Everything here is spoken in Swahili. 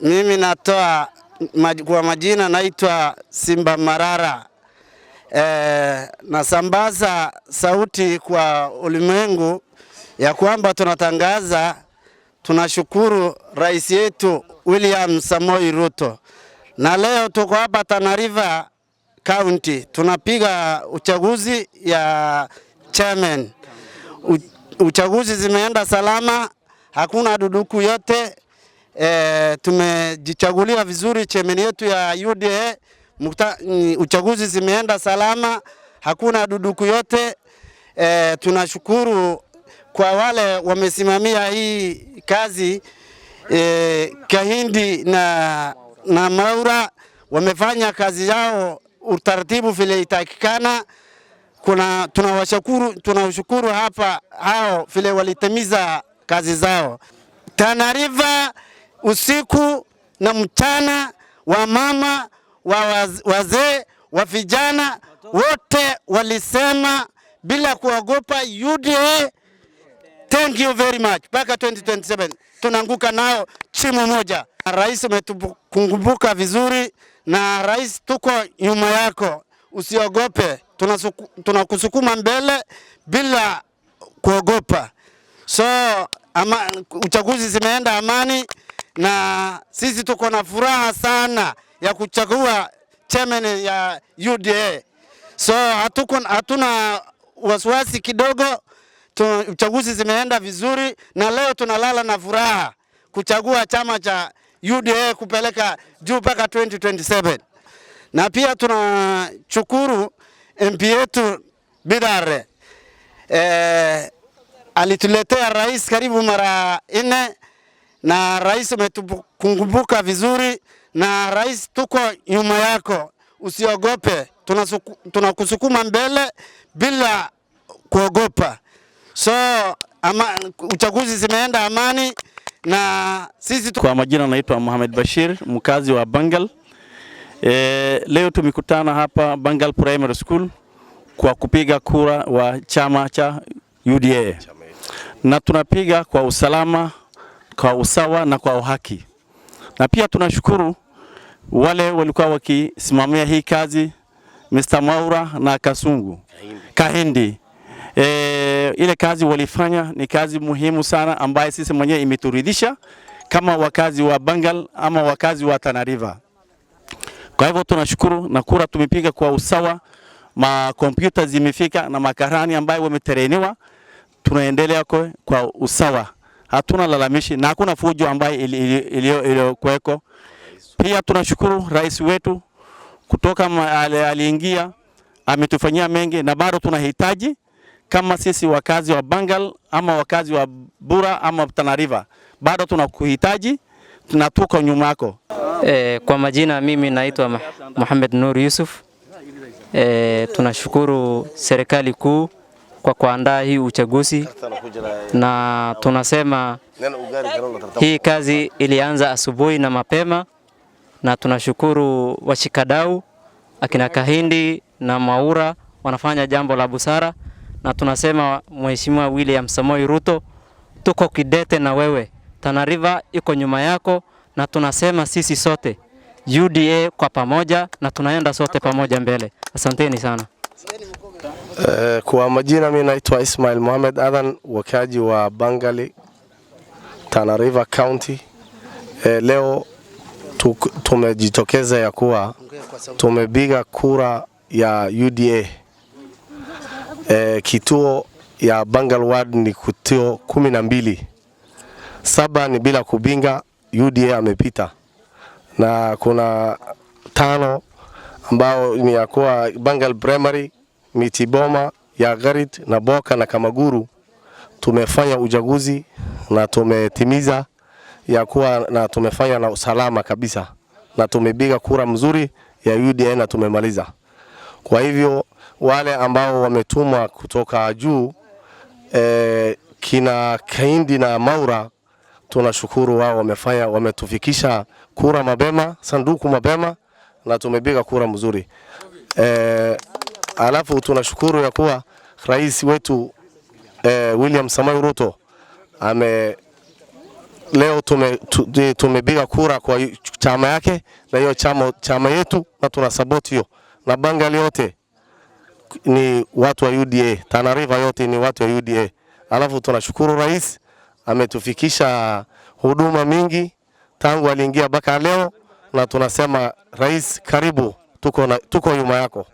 Mimi natoa kwa majina naitwa Simba Marara. E, nasambaza sauti kwa ulimwengu ya kwamba tunatangaza tunashukuru rais yetu William Samoi Ruto, na leo tuko hapa Tana River County tunapiga uchaguzi ya chairman. U, uchaguzi zimeenda salama, hakuna duduku yote e, tumejichagulia vizuri chemeni yetu ya UDA mkuta, m, uchaguzi zimeenda salama, hakuna duduku yote e, tunashukuru kwa wale wamesimamia hii kazi e, Kahindi na, na Maura wamefanya kazi yao utaratibu vile itakikana. Kuna tunawashukuru tunawashukuru hapa hao vile walitimiza kazi zao. Tana River usiku na mchana, wa mama wa wazee wa vijana wote walisema bila kuogopa UDA. Thank you very much. Mpaka 2027 tunaanguka nao chimu moja. Rais, umetukumbuka vizuri, na rais, tuko nyuma yako, usiogope, tunakusukuma tuna mbele bila kuogopa. So ama, uchaguzi zimeenda amani na sisi tuko na furaha sana ya kuchagua chairman ya UDA, so hatuko, hatuna wasiwasi kidogo. Uchaguzi zimeenda vizuri, na leo tunalala na furaha kuchagua chama cha UDA kupeleka juu mpaka 2027 na pia tunashukuru MP yetu Bidare eh, alituletea rais karibu mara nne na rais umetukumbuka vizuri, na rais, tuko nyuma yako, usiogope, tunakusukuma tuna mbele bila kuogopa. So ama, uchaguzi zimeenda amani na sisi tuko... Kwa majina naitwa Mohamed Bashir mkazi wa Bangal. E, leo tumekutana hapa Bangal Primary School kwa kupiga kura wa chama cha UDA na tunapiga kwa usalama kwa usawa na kwa uhaki, na pia tunashukuru wale walikuwa wakisimamia hii kazi Mr. Mwaura na Kasungu Kahindi. E, ile kazi walifanya ni kazi muhimu sana ambaye sisi mwenyewe imeturidhisha kama wakazi wa Bangal ama wakazi wa Tana River. Kwa hivyo tunashukuru na kura tumepiga kwa usawa, makompyuta zimefika na makarani ambayo wametereniwa, tunaendelea kwa usawa hatuna lalamishi na hakuna fujo ambayo iliyokuweko. Pia tunashukuru rais wetu kutoka aliingia, ametufanyia mengi, na bado tunahitaji kama sisi wakazi wa Bangal ama wakazi wa Bura ama Tana River, bado tunakuhitaji, tunatuka nyuma yako. E, kwa majina mimi naitwa Muhammad Nur Yusuf. E, tunashukuru serikali kuu kwa kuandaa hii uchaguzi, na tunasema hii kazi ilianza asubuhi na mapema, na tunashukuru washikadau akina Kahindi na Mwaura wanafanya jambo la busara, na tunasema Mheshimiwa William Samoei Ruto, tuko kidete na wewe. Tana River iko nyuma yako, na tunasema sisi sote UDA kwa pamoja, na tunaenda sote pamoja mbele. Asanteni sana. Eh, kwa majina mimi naitwa Ismail Mohamed Adan, wakaji wa Bangali, Tana River County. Uh, leo tumejitokeza ya kuwa tumepiga kura ya UDA. Uh, eh, kituo ya Bangal Ward ni kituo kumi na mbili, saba ni bila kubinga UDA amepita na kuna tano ambao ni ya kuwa Bangal Primary miti boma ya Garit na Boka na Kamaguru tumefanya uchaguzi na tumetimiza ya kuwa na tumefanya na usalama kabisa, na tumepiga kura mzuri ya UDA na tumemaliza. Kwa hivyo wale ambao wametumwa kutoka juu e, kina Kaindi na Maura tunashukuru wao wamefanya, wametufikisha kura mapema, sanduku mapema na tumepiga kura mzuri e, Alafu tunashukuru ya kuwa rais wetu eh, William Samai Ruto ame leo tumepiga tume kura kwa chama yake na hiyo chama, chama yetu na tuna support hiyo, na Bangali yote ni watu wa UDA, Tana River yote ni watu wa UDA. Alafu tunashukuru rais ametufikisha huduma mingi tangu aliingia mpaka leo, na tunasema rais, karibu, tuko, na, tuko yuma yako.